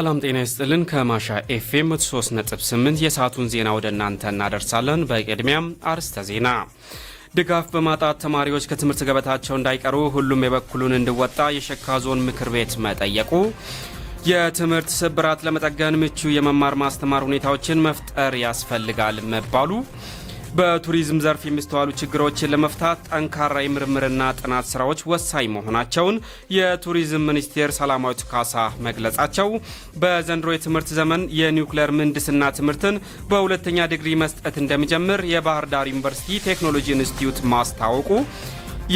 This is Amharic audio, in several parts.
ሰላም ጤና ይስጥልን። ከማሻ ኤፍኤም 3.8 የሰዓቱን ዜና ወደ እናንተ እናደርሳለን። በቅድሚያም አርስተ ዜና። ድጋፍ በማጣት ተማሪዎች ከትምህርት ገበታቸው እንዳይቀሩ ሁሉም የበኩሉን እንዲወጣ የሸካ ዞን ምክር ቤት መጠየቁ፣ የትምህርት ስብራት ለመጠገን ምቹ የመማር ማስተማር ሁኔታዎችን መፍጠር ያስፈልጋል መባሉ በቱሪዝም ዘርፍ የሚስተዋሉ ችግሮችን ለመፍታት ጠንካራ የምርምርና ጥናት ስራዎች ወሳኝ መሆናቸውን የቱሪዝም ሚኒስቴር ሰላማዊት ካሳ መግለጻቸው፣ በዘንድሮ የትምህርት ዘመን የኒውክሌር ምህንድስና ትምህርትን በሁለተኛ ዲግሪ መስጠት እንደሚጀምር የባህር ዳር ዩኒቨርሲቲ ቴክኖሎጂ ኢንስቲትዩት ማስታወቁ፣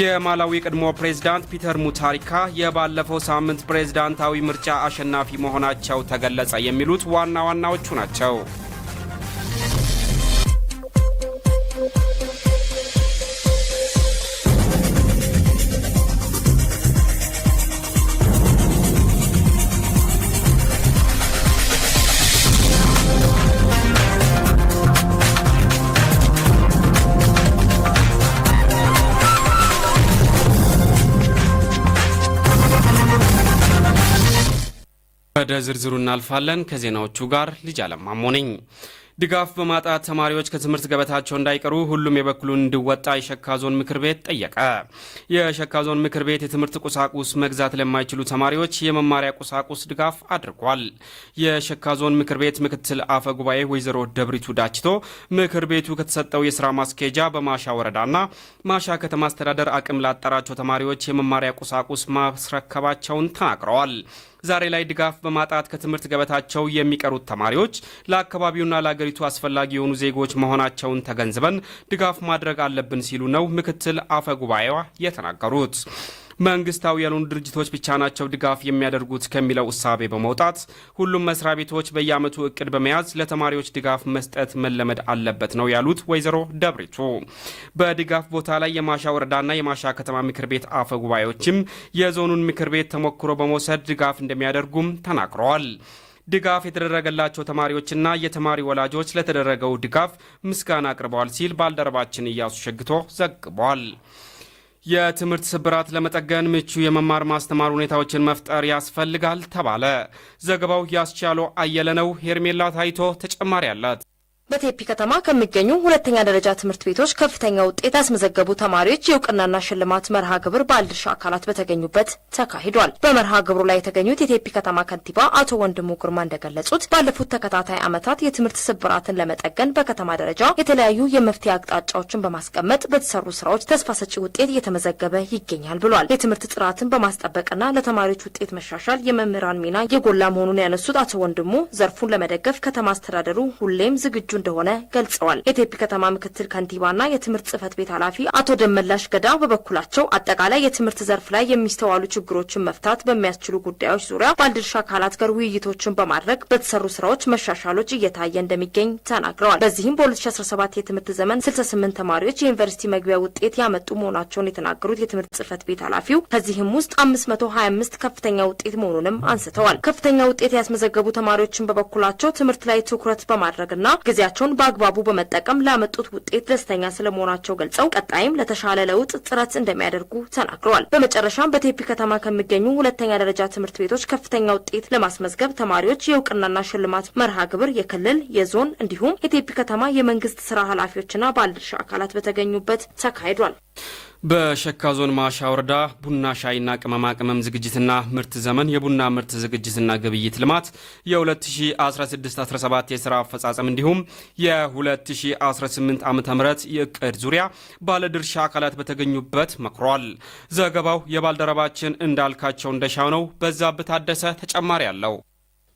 የማላዊ ቀድሞ ፕሬዝዳንት ፒተር ሙታሪካ የባለፈው ሳምንት ፕሬዝዳንታዊ ምርጫ አሸናፊ መሆናቸው ተገለጸ። የሚሉት ዋና ዋናዎቹ ናቸው። ወደ ዝርዝሩ እናልፋለን። ከዜናዎቹ ጋር ልጅ አለማሞ ነኝ። ድጋፍ በማጣት ተማሪዎች ከትምህርት ገበታቸው እንዳይቀሩ ሁሉም የበኩሉን እንዲወጣ የሸካ ዞን ምክር ቤት ጠየቀ። የሸካ ዞን ምክር ቤት የትምህርት ቁሳቁስ መግዛት ለማይችሉ ተማሪዎች የመማሪያ ቁሳቁስ ድጋፍ አድርጓል። የሸካ ዞን ምክር ቤት ምክትል አፈ ጉባኤ ወይዘሮ ደብሪቱ ዳችቶ ምክር ቤቱ ከተሰጠው የስራ ማስኬጃ በማሻ ወረዳና ማሻ ከተማ አስተዳደር አቅም ላጠራቸው ተማሪዎች የመማሪያ ቁሳቁስ ማስረከባቸውን ተናግረዋል። ዛሬ ላይ ድጋፍ በማጣት ከትምህርት ገበታቸው የሚቀሩት ተማሪዎች ለአካባቢውና ለአገሪቱ አስፈላጊ የሆኑ ዜጎች መሆናቸውን ተገንዝበን ድጋፍ ማድረግ አለብን ሲሉ ነው ምክትል አፈ ጉባኤዋ የተናገሩት። መንግስታዊ ያልሆኑ ድርጅቶች ብቻ ናቸው ድጋፍ የሚያደርጉት ከሚለው እሳቤ በመውጣት ሁሉም መስሪያ ቤቶች በየዓመቱ እቅድ በመያዝ ለተማሪዎች ድጋፍ መስጠት መለመድ አለበት ነው ያሉት ወይዘሮ ደብሪቱ። በድጋፍ ቦታ ላይ የማሻ ወረዳና የማሻ ከተማ ምክር ቤት አፈ ጉባኤዎችም የዞኑን ምክር ቤት ተሞክሮ በመውሰድ ድጋፍ እንደሚያደርጉም ተናግረዋል። ድጋፍ የተደረገላቸው ተማሪዎችና የተማሪ ወላጆች ለተደረገው ድጋፍ ምስጋና አቅርበዋል ሲል ባልደረባችን እያሱ ሸግቶ ዘግቧል። የትምህርት ስብራት ለመጠገን ምቹ የመማር ማስተማር ሁኔታዎችን መፍጠር ያስፈልጋል ተባለ። ዘገባው ያስቻለው አየለ ነው። ሄርሜላ ታይቶ ተጨማሪ አላት። በቴፒ ከተማ ከሚገኙ ሁለተኛ ደረጃ ትምህርት ቤቶች ከፍተኛ ውጤት ያስመዘገቡ ተማሪዎች የእውቅናና ሽልማት መርሃ ግብር ባለድርሻ አካላት በተገኙበት ተካሂዷል። በመርሃ ግብሩ ላይ የተገኙት የቴፒ ከተማ ከንቲባ አቶ ወንድሙ ግርማ እንደገለጹት ባለፉት ተከታታይ ዓመታት የትምህርት ስብራትን ለመጠገን በከተማ ደረጃ የተለያዩ የመፍትሄ አቅጣጫዎችን በማስቀመጥ በተሰሩ ስራዎች ተስፋ ሰጪ ውጤት እየተመዘገበ ይገኛል ብሏል። የትምህርት ጥራትን በማስጠበቅና ለተማሪዎች ውጤት መሻሻል የመምህራን ሚና የጎላ መሆኑን ያነሱት አቶ ወንድሙ ዘርፉን ለመደገፍ ከተማ አስተዳደሩ ሁሌም ዝግጁ እንደሆነ ገልጸዋል። የቴፒ ከተማ ምክትል ከንቲባና የትምህርት ጽህፈት ቤት ኃላፊ አቶ ደመላሽ ገዳ በበኩላቸው አጠቃላይ የትምህርት ዘርፍ ላይ የሚስተዋሉ ችግሮችን መፍታት በሚያስችሉ ጉዳዮች ዙሪያ ባለድርሻ አካላት ጋር ውይይቶችን በማድረግ በተሰሩ ስራዎች መሻሻሎች እየታየ እንደሚገኝ ተናግረዋል። በዚህም በ2017 የትምህርት ዘመን 68 ተማሪዎች የዩኒቨርሲቲ መግቢያ ውጤት ያመጡ መሆናቸውን የተናገሩት የትምህርት ጽህፈት ቤት ኃላፊው ከዚህም ውስጥ 525 ከፍተኛ ውጤት መሆኑንም አንስተዋል። ከፍተኛ ውጤት ያስመዘገቡ ተማሪዎችን በበኩላቸው ትምህርት ላይ ትኩረት በማድረግና ጊዜ ጊዜያቸውን በአግባቡ በመጠቀም ላመጡት ውጤት ደስተኛ ስለመሆናቸው ገልጸው ቀጣይም ለተሻለ ለውጥ ጥረት እንደሚያደርጉ ተናግረዋል። በመጨረሻም በቴፒ ከተማ ከሚገኙ ሁለተኛ ደረጃ ትምህርት ቤቶች ከፍተኛ ውጤት ለማስመዝገብ ተማሪዎች የእውቅናና ሽልማት መርሃ ግብር የክልል የዞን እንዲሁም የቴፒ ከተማ የመንግስት ስራ ኃላፊዎችና ባለድርሻ አካላት በተገኙበት ተካሂዷል። በሸካ ዞን ማሻ ወረዳ ቡና ሻይና ቅመማ ቅመም ዝግጅትና ምርት ዘመን የቡና ምርት ዝግጅትና ግብይት ልማት የ2016-17 የስራ አፈጻጸም እንዲሁም የ2018 ዓ ም የእቅድ ዙሪያ ባለድርሻ አካላት በተገኙበት መክሯል። ዘገባው የባልደረባችን እንዳልካቸው እንደሻው ነው። በዛብህ ታደሰ ተጨማሪ አለው።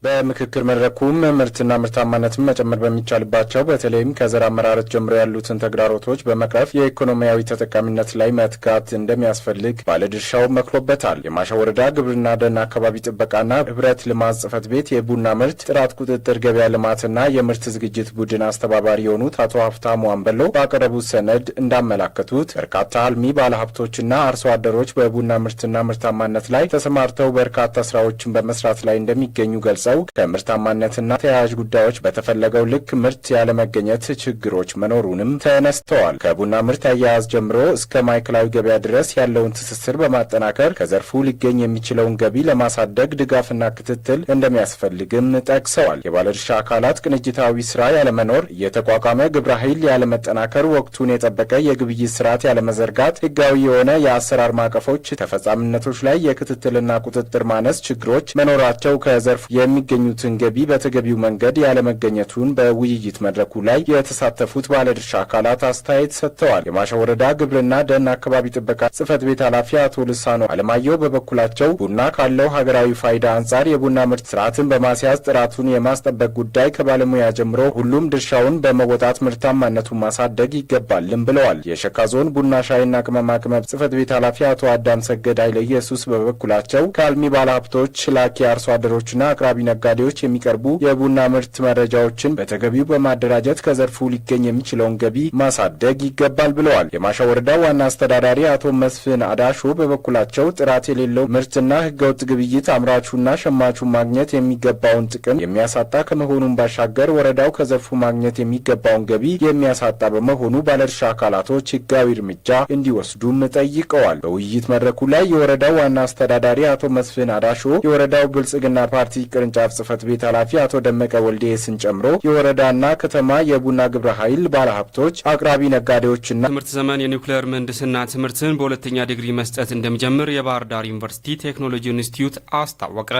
በምክክር መድረኩም ምርትና ምርታማነትን መጨመር በሚቻልባቸው በተለይም ከዘር አመራረት ጀምሮ ያሉትን ተግዳሮቶች በመቅረፍ የኢኮኖሚያዊ ተጠቃሚነት ላይ መትጋት እንደሚያስፈልግ ባለድርሻው መክሮበታል። የማሻ ወረዳ ግብርና ደን አካባቢ ጥበቃና ህብረት ልማት ጽፈት ቤት የቡና ምርት ጥራት ቁጥጥር፣ ገበያ ልማትና የምርት ዝግጅት ቡድን አስተባባሪ የሆኑት አቶ ሀብታሙ አንበሎ ባቀረቡት ሰነድ እንዳመላከቱት በርካታ አልሚ ባለሀብቶችና አርሶ አደሮች በቡና ምርትና ምርታማነት ላይ ተሰማርተው በርካታ ስራዎችን በመስራት ላይ እንደሚገኙ ገልጸ ገልጸው ከምርታማነትና ተያያዥ ጉዳዮች በተፈለገው ልክ ምርት ያለመገኘት ችግሮች መኖሩንም ተነስተዋል። ከቡና ምርት አያያዝ ጀምሮ እስከ ማዕከላዊ ገበያ ድረስ ያለውን ትስስር በማጠናከር ከዘርፉ ሊገኝ የሚችለውን ገቢ ለማሳደግ ድጋፍና ክትትል እንደሚያስፈልግም ጠቅሰዋል። የባለድርሻ አካላት ቅንጅታዊ ስራ ያለመኖር፣ የተቋቋመ ግብረ ኃይል ያለመጠናከር፣ ወቅቱን የጠበቀ የግብይት ስርዓት ያለመዘርጋት፣ ህጋዊ የሆነ የአሰራር ማዕቀፎች ተፈጻሚነቶች ላይ የክትትልና ቁጥጥር ማነስ ችግሮች መኖራቸው ከዘርፉ የሚ የሚገኙትን ገቢ በተገቢው መንገድ ያለመገኘቱን በውይይት መድረኩ ላይ የተሳተፉት ባለድርሻ አካላት አስተያየት ሰጥተዋል። የማሻ ወረዳ ግብርና ደን አካባቢ ጥበቃ ጽህፈት ቤት ኃላፊ አቶ ልሳኖ አለማየሁ በበኩላቸው ቡና ካለው ሀገራዊ ፋይዳ አንጻር የቡና ምርት ስርዓትን በማስያዝ ጥራቱን የማስጠበቅ ጉዳይ ከባለሙያ ጀምሮ ሁሉም ድርሻውን በመወጣት ምርታማነቱን ማሳደግ ይገባልም ብለዋል። የሸካ ዞን ቡና ሻይና ቅመማ ቅመም ጽሕፈት ቤት ኃላፊ አቶ አዳም ሰገድ አይለ ኢየሱስ በበኩላቸው ከአልሚ ባለሀብቶች ላኪ አርሶ አደሮችና አቅራቢ ነጋዴዎች የሚቀርቡ የቡና ምርት መረጃዎችን በተገቢው በማደራጀት ከዘርፉ ሊገኝ የሚችለውን ገቢ ማሳደግ ይገባል ብለዋል። የማሻ ወረዳ ዋና አስተዳዳሪ አቶ መስፍን አዳሾ በበኩላቸው ጥራት የሌለው ምርትና ህገወጥ ግብይት አምራቹና ሸማቹ ማግኘት የሚገባውን ጥቅም የሚያሳጣ ከመሆኑን ባሻገር ወረዳው ከዘርፉ ማግኘት የሚገባውን ገቢ የሚያሳጣ በመሆኑ ባለድርሻ አካላቶች ህጋዊ እርምጃ እንዲወስዱም ጠይቀዋል። በውይይት መድረኩ ላይ የወረዳው ዋና አስተዳዳሪ አቶ መስፍን አዳሾ የወረዳው ብልጽግና ፓርቲ ቅርንጫ ቅርንጫፍ ጽህፈት ቤት ኃላፊ አቶ ደመቀ ወልዴስን ጨምሮ የወረዳና ከተማ የቡና ግብረ ኃይል ባለሀብቶች፣ አቅራቢ ነጋዴዎችና ትምህርት ዘመን የኒውክሌር ምህንድስና ትምህርትን በሁለተኛ ዲግሪ መስጠት እንደሚጀምር የባህር ዳር ዩኒቨርሲቲ ቴክኖሎጂ ኢንስቲትዩት አስታወቀ።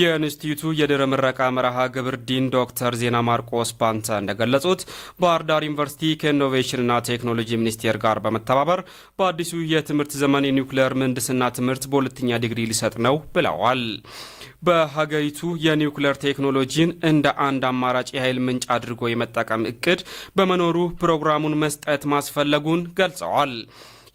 የኢንስቲትዩቱ የድህረ ምረቃ መርሃ ግብር ዲን ዶክተር ዜና ማርቆስ ባንተ እንደገለጹት ባህር ዳር ዩኒቨርሲቲ ከኢኖቬሽንና ቴክኖሎጂ ሚኒስቴር ጋር በመተባበር በአዲሱ የትምህርት ዘመን የኒውክሌር ምህንድስና ትምህርት በሁለተኛ ዲግሪ ሊሰጥ ነው ብለዋል። በሀገሪቱ የኒውክሌር ቴክኖሎጂን እንደ አንድ አማራጭ የኃይል ምንጭ አድርጎ የመጠቀም እቅድ በመኖሩ ፕሮግራሙን መስጠት ማስፈለጉን ገልጸዋል።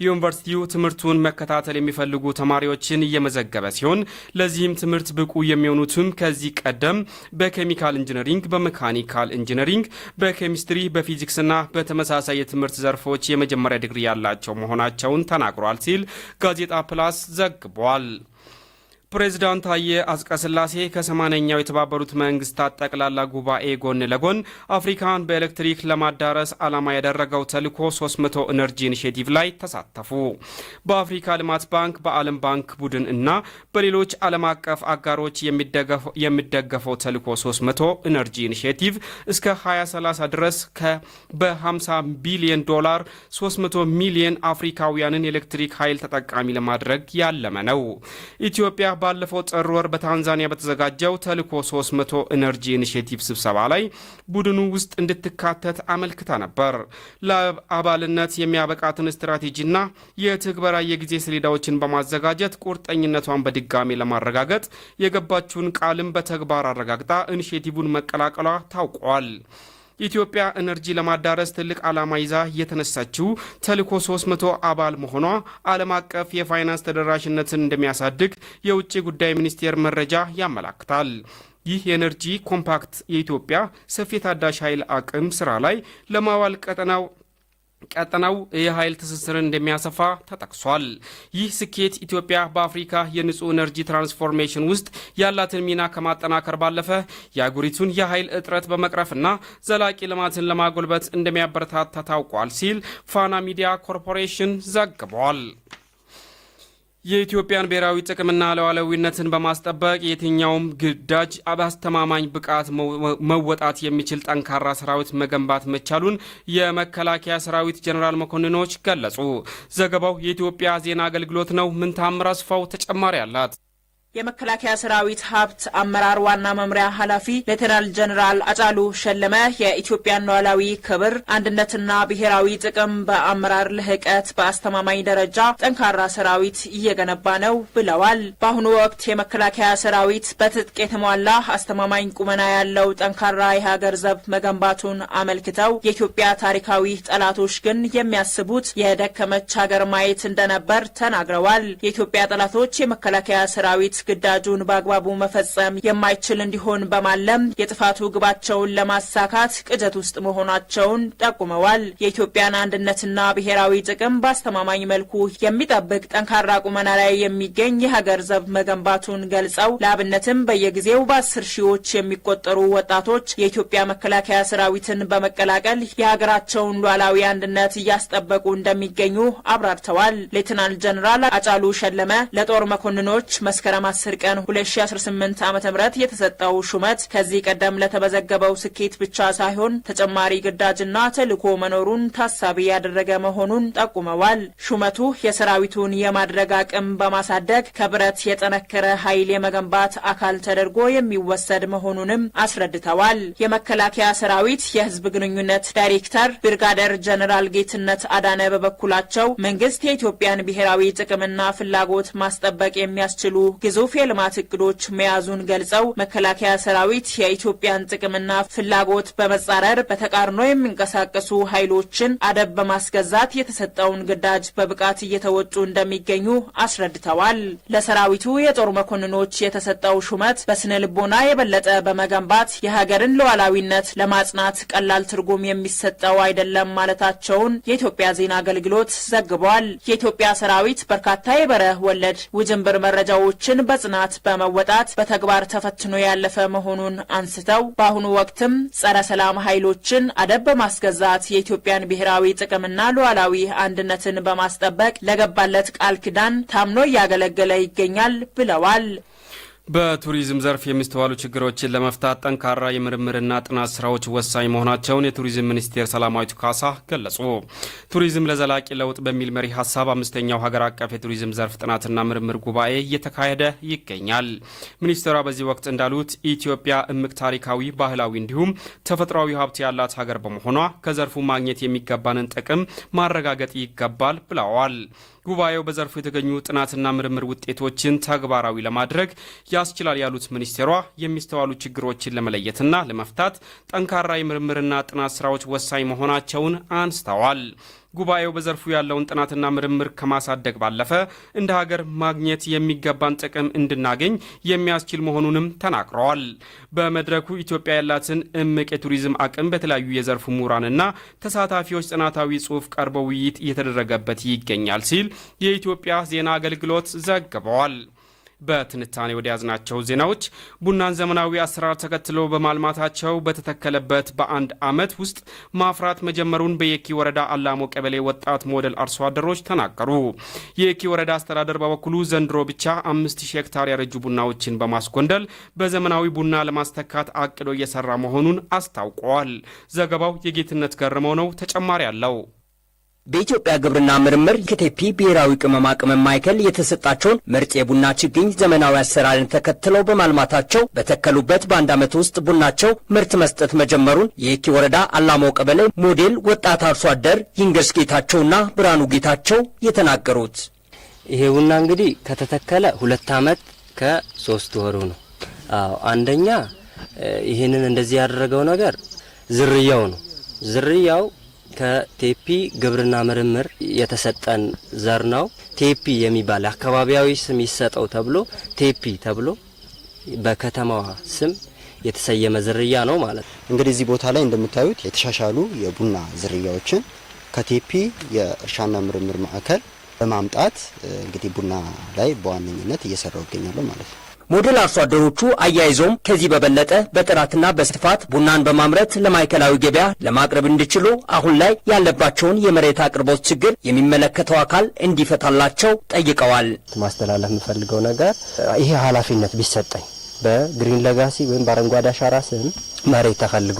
ዩኒቨርሲቲው ትምህርቱን መከታተል የሚፈልጉ ተማሪዎችን እየመዘገበ ሲሆን ለዚህም ትምህርት ብቁ የሚሆኑትም ከዚህ ቀደም በኬሚካል ኢንጂነሪንግ፣ በመካኒካል ኢንጂነሪንግ፣ በኬሚስትሪ፣ በፊዚክስና በተመሳሳይ የትምህርት ዘርፎች የመጀመሪያ ዲግሪ ያላቸው መሆናቸውን ተናግሯል ሲል ጋዜጣ ፕላስ ዘግቧል። ፕሬዚዳንት ታዬ አጽቀሥላሴ ከሰማንያኛው የተባበሩት መንግስታት ጠቅላላ ጉባኤ ጎን ለጎን አፍሪካን በኤሌክትሪክ ለማዳረስ ዓላማ ያደረገው ተልዕኮ 300 ኢነርጂ ኢኒሽቲቭ ላይ ተሳተፉ። በአፍሪካ ልማት ባንክ፣ በዓለም ባንክ ቡድን እና በሌሎች ዓለም አቀፍ አጋሮች የሚደገፈው ተልዕኮ 300 ኢነርጂ ኢኒሽቲቭ እስከ 2030 ድረስ በ50 ቢሊዮን ዶላር 300 ሚሊዮን አፍሪካውያንን የኤሌክትሪክ ኃይል ተጠቃሚ ለማድረግ ያለመ ነው። ኢትዮጵያ ባለፈው ጥር ወር በታንዛኒያ በተዘጋጀው ተልዕኮ 300 ኢነርጂ ኢኒሼቲቭ ስብሰባ ላይ ቡድኑ ውስጥ እንድትካተት አመልክታ ነበር። ለአባልነት የሚያበቃትን ስትራቴጂና የትግበራ የጊዜ ሰሌዳዎችን በማዘጋጀት ቁርጠኝነቷን በድጋሚ ለማረጋገጥ የገባችውን ቃልም በተግባር አረጋግጣ ኢኒሼቲቭን መቀላቀሏ ታውቋል። የኢትዮጵያ ኤነርጂ ለማዳረስ ትልቅ ዓላማ ይዛ የተነሳችው ተልዕኮ 300 አባል መሆኗ ዓለም አቀፍ የፋይናንስ ተደራሽነትን እንደሚያሳድግ የውጭ ጉዳይ ሚኒስቴር መረጃ ያመላክታል። ይህ የኤነርጂ ኮምፓክት የኢትዮጵያ ሰፊ ታዳሽ ኃይል አቅም ስራ ላይ ለማዋል ቀጠናው ቀጠናው የኃይል ትስስርን እንደሚያሰፋ ተጠቅሷል። ይህ ስኬት ኢትዮጵያ በአፍሪካ የንጹህ ኤነርጂ ትራንስፎርሜሽን ውስጥ ያላትን ሚና ከማጠናከር ባለፈ የአገሪቱን የኃይል እጥረት በመቅረፍና ዘላቂ ልማትን ለማጎልበት እንደሚያበረታታ ታውቋል ሲል ፋና ሚዲያ ኮርፖሬሽን ዘግቧል። የኢትዮጵያን ብሔራዊ ጥቅምና ሉዓላዊነትን በማስጠበቅ የትኛውም ግዳጅ በአስተማማኝ ብቃት መወጣት የሚችል ጠንካራ ሰራዊት መገንባት መቻሉን የመከላከያ ሰራዊት ጀኔራል መኮንኖች ገለጹ። ዘገባው የኢትዮጵያ ዜና አገልግሎት ነው። ምንታምር አስፋው ተጨማሪ አላት። የመከላከያ ሰራዊት ሀብት አመራር ዋና መምሪያ ኃላፊ ሌተናል ጀኔራል አጫሉ ሸለመ የኢትዮጵያን ሉዓላዊ ክብር አንድነትና ብሔራዊ ጥቅም በአመራር ልህቀት በአስተማማኝ ደረጃ ጠንካራ ሰራዊት እየገነባ ነው ብለዋል። በአሁኑ ወቅት የመከላከያ ሰራዊት በትጥቅ የተሟላ አስተማማኝ ቁመና ያለው ጠንካራ የሀገር ዘብ መገንባቱን አመልክተው የኢትዮጵያ ታሪካዊ ጠላቶች ግን የሚያስቡት የደከመች ሀገር ማየት እንደነበር ተናግረዋል። የኢትዮጵያ ጠላቶች የመከላከያ ሰራዊት ግዳጁን በአግባቡ መፈጸም የማይችል እንዲሆን በማለም የጥፋቱ ግባቸውን ለማሳካት ቅጀት ውስጥ መሆናቸውን ጠቁመዋል። የኢትዮጵያን አንድነትና ብሔራዊ ጥቅም በአስተማማኝ መልኩ የሚጠብቅ ጠንካራ ቁመና ላይ የሚገኝ የሀገር ዘብ መገንባቱን ገልጸው ለአብነትም በየጊዜው በአስር ሺዎች የሚቆጠሩ ወጣቶች የኢትዮጵያ መከላከያ ሰራዊትን በመቀላቀል የሀገራቸውን ሉዓላዊ አንድነት እያስጠበቁ እንደሚገኙ አብራርተዋል። ሌትናል ጀኔራል አጫሉ ሸለመ ለጦር መኮንኖች መስከረም 10 ቀን 2018 ዓ ም የተሰጠው ሹመት ከዚህ ቀደም ለተመዘገበው ስኬት ብቻ ሳይሆን ተጨማሪ ግዳጅና ተልዕኮ መኖሩን ታሳቢ ያደረገ መሆኑን ጠቁመዋል። ሹመቱ የሰራዊቱን የማድረግ አቅም በማሳደግ ከብረት የጠነከረ ኃይል የመገንባት አካል ተደርጎ የሚወሰድ መሆኑንም አስረድተዋል። የመከላከያ ሰራዊት የህዝብ ግንኙነት ዳይሬክተር ብርጋደር ጀነራል ጌትነት አዳነ በበኩላቸው መንግስት የኢትዮጵያን ብሔራዊ ጥቅምና ፍላጎት ማስጠበቅ የሚያስችሉ ግዞ ግዙፍ የልማት እቅዶች መያዙን ገልጸው መከላከያ ሰራዊት የኢትዮጵያን ጥቅምና ፍላጎት በመጻረር በተቃርኖ የሚንቀሳቀሱ ኃይሎችን አደብ በማስገዛት የተሰጠውን ግዳጅ በብቃት እየተወጡ እንደሚገኙ አስረድተዋል። ለሰራዊቱ የጦር መኮንኖች የተሰጠው ሹመት በስነ ልቦና የበለጠ በመገንባት የሀገርን ሉዓላዊነት ለማጽናት ቀላል ትርጉም የሚሰጠው አይደለም ማለታቸውን የኢትዮጵያ ዜና አገልግሎት ዘግቧል። የኢትዮጵያ ሰራዊት በርካታ የበረህ ወለድ ውጅንብር መረጃዎችን በጽናት በመወጣት በተግባር ተፈትኖ ያለፈ መሆኑን አንስተው በአሁኑ ወቅትም ጸረ ሰላም ኃይሎችን አደብ በማስገዛት የኢትዮጵያን ብሔራዊ ጥቅምና ሉዓላዊ አንድነትን በማስጠበቅ ለገባለት ቃል ኪዳን ታምኖ እያገለገለ ይገኛል ብለዋል። በቱሪዝም ዘርፍ የሚስተዋሉ ችግሮችን ለመፍታት ጠንካራ የምርምርና ጥናት ስራዎች ወሳኝ መሆናቸውን የቱሪዝም ሚኒስቴር ሰላማዊት ካሳ ገለጹ። ቱሪዝም ለዘላቂ ለውጥ በሚል መሪ ሀሳብ አምስተኛው ሀገር አቀፍ የቱሪዝም ዘርፍ ጥናትና ምርምር ጉባኤ እየተካሄደ ይገኛል። ሚኒስቴሯ በዚህ ወቅት እንዳሉት ኢትዮጵያ እምቅ ታሪካዊ፣ ባህላዊ እንዲሁም ተፈጥሯዊ ሀብት ያላት ሀገር በመሆኗ ከዘርፉ ማግኘት የሚገባንን ጥቅም ማረጋገጥ ይገባል ብለዋል። ጉባኤው በዘርፉ የተገኙ ጥናትና ምርምር ውጤቶችን ተግባራዊ ለማድረግ ያስችላል ያሉት ሚኒስቴሯ የሚስተዋሉ ችግሮችን ለመለየትና ለመፍታት ጠንካራ የምርምርና ጥናት ስራዎች ወሳኝ መሆናቸውን አንስተዋል። ጉባኤው በዘርፉ ያለውን ጥናትና ምርምር ከማሳደግ ባለፈ እንደ ሀገር ማግኘት የሚገባን ጥቅም እንድናገኝ የሚያስችል መሆኑንም ተናግረዋል። በመድረኩ ኢትዮጵያ ያላትን እምቅ የቱሪዝም አቅም በተለያዩ የዘርፉ ምሁራንና ተሳታፊዎች ጥናታዊ ጽሑፍ ቀርበው ውይይት እየተደረገበት ይገኛል ሲል የኢትዮጵያ ዜና አገልግሎት ዘግበዋል። በትንታኔ ያዝናቸው ዜናዎች ቡናን ዘመናዊ አሰራር ተከትሎ በማልማታቸው በተተከለበት በአንድ ዓመት ውስጥ ማፍራት መጀመሩን በየኪ ወረዳ አላሞ ቀበሌ ወጣት ሞዴል አርሶ አደሮች ተናገሩ። የየኪ ወረዳ አስተዳደር በበኩሉ ዘንድሮ ብቻ 5000 ሄክታር ያረጁ ቡናዎችን በማስጎንደል በዘመናዊ ቡና ለማስተካት አቅዶ እየሰራ መሆኑን አስታውቀዋል። ዘገባው የጌትነት ገርመው ነው። ተጨማሪ አለው በኢትዮጵያ ግብርና ምርምር ከቴፒ ብሔራዊ ቅመማ ቅመም ማዕከል የተሰጣቸውን ምርጥ የቡና ችግኝ ዘመናዊ አሰራርን ተከትለው በማልማታቸው በተከሉበት በአንድ ዓመት ውስጥ ቡናቸው ምርት መስጠት መጀመሩን የኪ ወረዳ አላማው ቀበሌ ሞዴል ወጣት አርሶ አደር ይንገርስ ጌታቸውና ብርሃኑ ጌታቸው የተናገሩት። ይሄ ቡና እንግዲህ ከተተከለ ሁለት ዓመት ከሶስት ወሩ ነው። አዎ አንደኛ ይህንን እንደዚህ ያደረገው ነገር ዝርያው ነው። ዝርያው ከቴፒ ግብርና ምርምር የተሰጠን ዘር ነው። ቴፒ የሚባል አካባቢያዊ ስም ይሰጠው ተብሎ ቴፒ ተብሎ በከተማዋ ስም የተሰየመ ዝርያ ነው ማለት ነው። እንግዲህ እዚህ ቦታ ላይ እንደምታዩት የተሻሻሉ የቡና ዝርያዎችን ከቴፒ የእርሻና ምርምር ማዕከል በማምጣት እንግዲህ ቡና ላይ በዋነኝነት እየሰራው ይገኛሉ ማለት ነው። ሞዴል አርሶ አደሮቹ አያይዘውም ከዚህ በበለጠ በጥራትና በስፋት ቡናን በማምረት ለማዕከላዊ ገበያ ለማቅረብ እንዲችሉ አሁን ላይ ያለባቸውን የመሬት አቅርቦት ችግር የሚመለከተው አካል እንዲፈታላቸው ጠይቀዋል። ማስተላለፍ የምፈልገው ነገር ይሄ ኃላፊነት ቢሰጠኝ በግሪን ለጋሲ ወይም በአረንጓዴ አሻራ ስም መሬት ተፈልጎ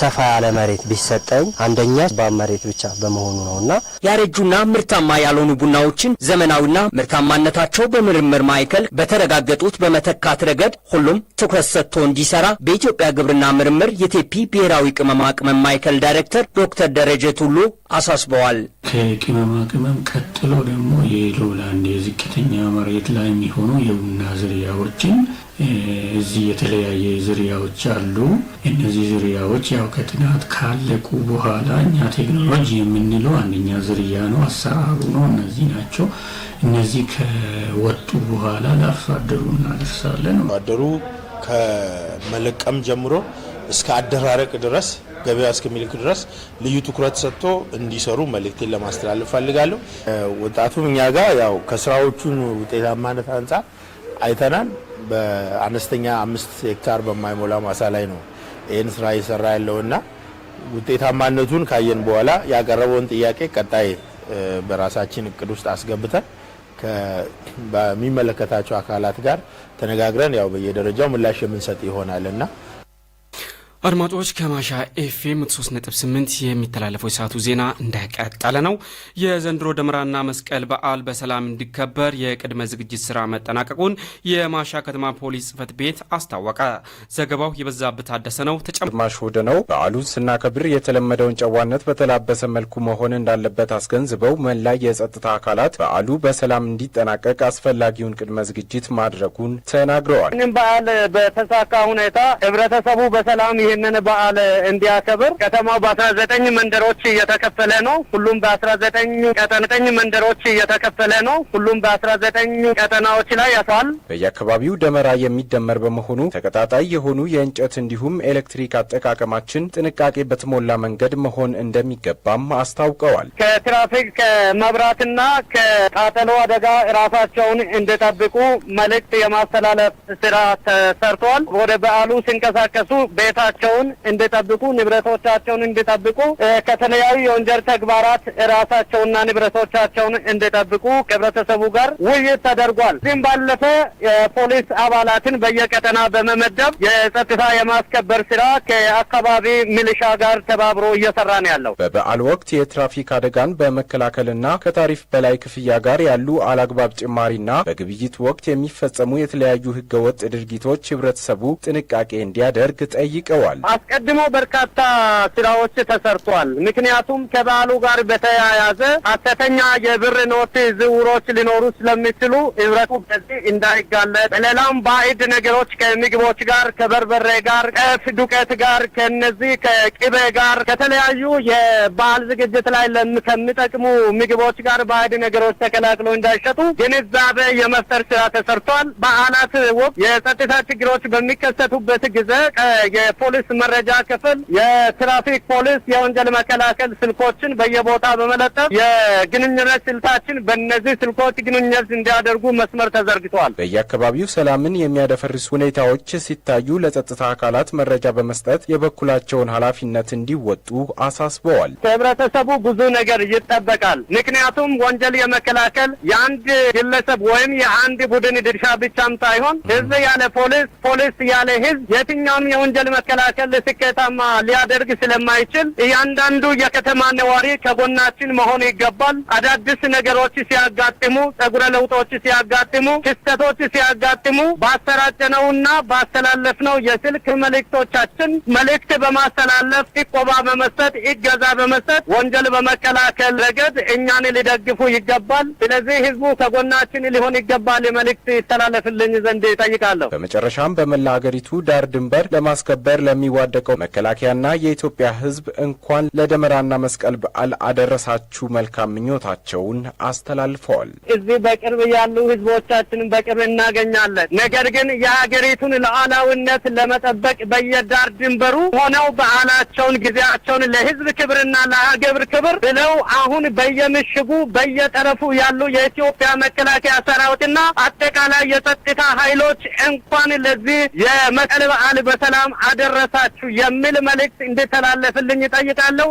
ሰፋ ያለ መሬት ቢሰጠኝ አንደኛ ባ መሬት ብቻ በመሆኑ ነውና ያረጁና ምርታማ ያልሆኑ ቡናዎችን ዘመናዊና ምርታማነታቸው በምርምር ማዕከል በተረጋገጡት በመተካት ረገድ ሁሉም ትኩረት ሰጥቶ እንዲሰራ በኢትዮጵያ ግብርና ምርምር የቴፒ ብሔራዊ ቅመማ ቅመም ማዕከል ዳይሬክተር ዶክተር ደረጀ ቱሉ አሳስበዋል። ከቅመማ ቅመም ቀጥሎ ደግሞ የሎላንድ የዝቅተኛ መሬት ላይ የሚሆኑ የቡና ዝርያዎችን እዚህ የተለያየ ዝርያዎች አሉ። እነዚህ ዝርያዎች ያው ከጥናት ካለቁ በኋላ እኛ ቴክኖሎጂ የምንለው አንደኛ ዝርያ ነው፣ አሰራሩ ነው። እነዚህ ናቸው። እነዚህ ከወጡ በኋላ ለአርሶ አደሩ እናደርሳለን። አደሩ ከመለቀም ጀምሮ እስከ አደራረቅ ድረስ ገበያ እስከሚልክ ድረስ ልዩ ትኩረት ሰጥቶ እንዲሰሩ መልእክቴን ለማስተላለፍ ፈልጋለሁ። ወጣቱም እኛ ጋር ያው ከስራዎቹን ውጤታማነት አንጻር አይተናል። በአነስተኛ አምስት ሄክታር በማይሞላ ማሳ ላይ ነው ይህን ስራ እየሰራ ያለውና ውጤታማነቱን ካየን በኋላ ያቀረበውን ጥያቄ ቀጣይ በራሳችን እቅድ ውስጥ አስገብተን በሚመለከታቸው አካላት ጋር ተነጋግረን ያው በየደረጃው ምላሽ የምንሰጥ ይሆናል እና አድማጮች ከማሻ ኤፍኤም 3.8 የሚተላለፈው የሰዓቱ ዜና እንደቀጠለ ነው። የዘንድሮ ደመራና መስቀል በዓል በሰላም እንዲከበር የቅድመ ዝግጅት ስራ መጠናቀቁን የማሻ ከተማ ፖሊስ ጽፈት ቤት አስታወቀ። ዘገባው የበዛብህ ታደሰ ነው። ተጨማሽ ወደ ነው በዓሉን ስናከብር የተለመደውን ጨዋነት በተላበሰ መልኩ መሆን እንዳለበት አስገንዝበው መላ የጸጥታ አካላት በዓሉ በሰላም እንዲጠናቀቅ አስፈላጊውን ቅድመ ዝግጅት ማድረጉን ተናግረዋል። በዓል በተሳካ ሁኔታ ህብረተሰቡ በሰላም ይህንን በዓል እንዲያከብር ከተማው በአስራ ዘጠኝ መንደሮች እየተከፈለ ነው። ሁሉም በአስራ ዘጠኝ ቀጠናተኝ መንደሮች እየተከፈለ ነው። ሁሉም በአስራ ዘጠኝ ቀጠናዎች ላይ ያሳል። በየአካባቢው ደመራ የሚደመር በመሆኑ ተቀጣጣይ የሆኑ የእንጨት እንዲሁም ኤሌክትሪክ አጠቃቀማችን ጥንቃቄ በተሞላ መንገድ መሆን እንደሚገባም አስታውቀዋል። ከትራፊክ ከመብራትና ከቃጠሎ አደጋ ራሳቸውን እንዲጠብቁ መልእክት የማስተላለፍ ስራ ተሰርቷል። ወደ በዓሉ ሲንቀሳቀሱ ቤታቸው ራሳቸውን እንዲጠብቁ ንብረቶቻቸውን እንዲጠብቁ ከተለያዩ የወንጀል ተግባራት ራሳቸውና ንብረቶቻቸውን እንዲጠብቁ ከህብረተሰቡ ጋር ውይይት ተደርጓል። ዚህም ባለፈ የፖሊስ አባላትን በየቀጠና በመመደብ የጸጥታ የማስከበር ስራ ከአካባቢ ሚሊሻ ጋር ተባብሮ እየሰራ ነው ያለው። በበዓል ወቅት የትራፊክ አደጋን በመከላከልና ከታሪፍ በላይ ክፍያ ጋር ያሉ አላግባብ ጭማሪና በግብይት ወቅት የሚፈጸሙ የተለያዩ ህገወጥ ድርጊቶች ህብረተሰቡ ጥንቃቄ እንዲያደርግ ጠይቀዋል። ተሰርቷል። አስቀድሞ በርካታ ስራዎች ተሰርቷል። ምክንያቱም ከበዓሉ ጋር በተያያዘ ሀሰተኛ የብር ኖት ዝውሮች ሊኖሩ ስለሚችሉ ህብረቱ በዚህ እንዳይጋለጥ፣ ሌላም ባዕድ ነገሮች ከምግቦች ጋር ከበርበሬ ጋር ቀፍ ዱቄት ጋር ከነዚህ ከቅቤ ጋር ከተለያዩ የበዓል ዝግጅት ላይ ከሚጠቅሙ ምግቦች ጋር ባዕድ ነገሮች ተቀላቅሎ እንዳይሸጡ ግንዛቤ የመፍጠር ስራ ተሰርቷል። በዓላት ወቅት የጸጥታ ችግሮች በሚከሰቱበት ጊዜ የፖሊስ የፖሊስ መረጃ ክፍል የትራፊክ ፖሊስ የወንጀል መከላከል ስልኮችን በየቦታ በመለጠፍ የግንኙነት ስልታችን በእነዚህ ስልኮች ግንኙነት እንዲያደርጉ መስመር ተዘርግተዋል። በየአካባቢው ሰላምን የሚያደፈርሱ ሁኔታዎች ሲታዩ ለጸጥታ አካላት መረጃ በመስጠት የበኩላቸውን ኃላፊነት እንዲወጡ አሳስበዋል። ከህብረተሰቡ ብዙ ነገር ይጠበቃል። ምክንያቱም ወንጀል የመከላከል የአንድ ግለሰብ ወይም የአንድ ቡድን ድርሻ ብቻም ሳይሆን ህዝብ ያለ ፖሊስ፣ ፖሊስ ያለ ህዝብ የትኛውም የወንጀል መከላከል ማዕከል ስኬታማ ሊያደርግ ስለማይችል እያንዳንዱ የከተማ ነዋሪ ከጎናችን መሆን ይገባል። አዳዲስ ነገሮች ሲያጋጥሙ፣ ጸጉረ ለውጦች ሲያጋጥሙ፣ ክስተቶች ሲያጋጥሙ ባሰራጨነውና ባስተላለፍነው የስልክ መልእክቶቻችን መልእክት በማስተላለፍ ጥቆማ በመስጠት እገዛ በመስጠት ወንጀል በመከላከል ረገድ እኛን ሊደግፉ ይገባል። ስለዚህ ህዝቡ ከጎናችን ሊሆን ይገባል። የመልእክት ይተላለፍልኝ ዘንድ ይጠይቃለሁ። በመጨረሻም በመላ ሀገሪቱ ዳር ድንበር ለማስከበር ለ ለሚዋደቀው መከላከያና የኢትዮጵያ ሕዝብ እንኳን ለደመራና መስቀል በዓል አደረሳችሁ መልካም ምኞታቸውን አስተላልፈዋል። እዚህ በቅርብ ያሉ ሕዝቦቻችንን በቅርብ እናገኛለን። ነገር ግን የሀገሪቱን ሉዓላዊነት ለመጠበቅ በየዳር ድንበሩ ሆነው በዓላቸውን ጊዜያቸውን ለሕዝብ ክብርና ለሀገር ክብር ብለው አሁን በየምሽጉ በየጠረፉ ያሉ የኢትዮጵያ መከላከያ ሰራዊትና አጠቃላይ የጸጥታ ኃይሎች እንኳን ለዚህ የመስቀል በዓል በሰላም አደረ አደረሳችሁ የሚል መልእክት እንድተላለፍልኝ እጠይቃለሁ።